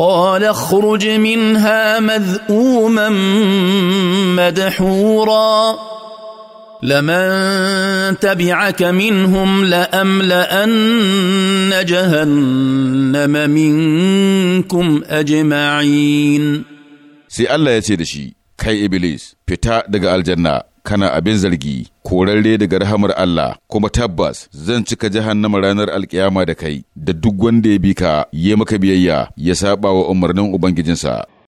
قال اخرج منها مذءوما مدحورا لمن تبعك منهم لاملان جهنم منكم اجمعين سي الله يتي kai Iblis, fita daga aljanna, kana abin zargi, korarre daga rahamar Allah, kuma tabbas zan cika jahannama ranar alkiyama da kai, da duk wanda ya bi ka, ya maka biyayya, ya saɓa wa umarnin Ubangijinsa.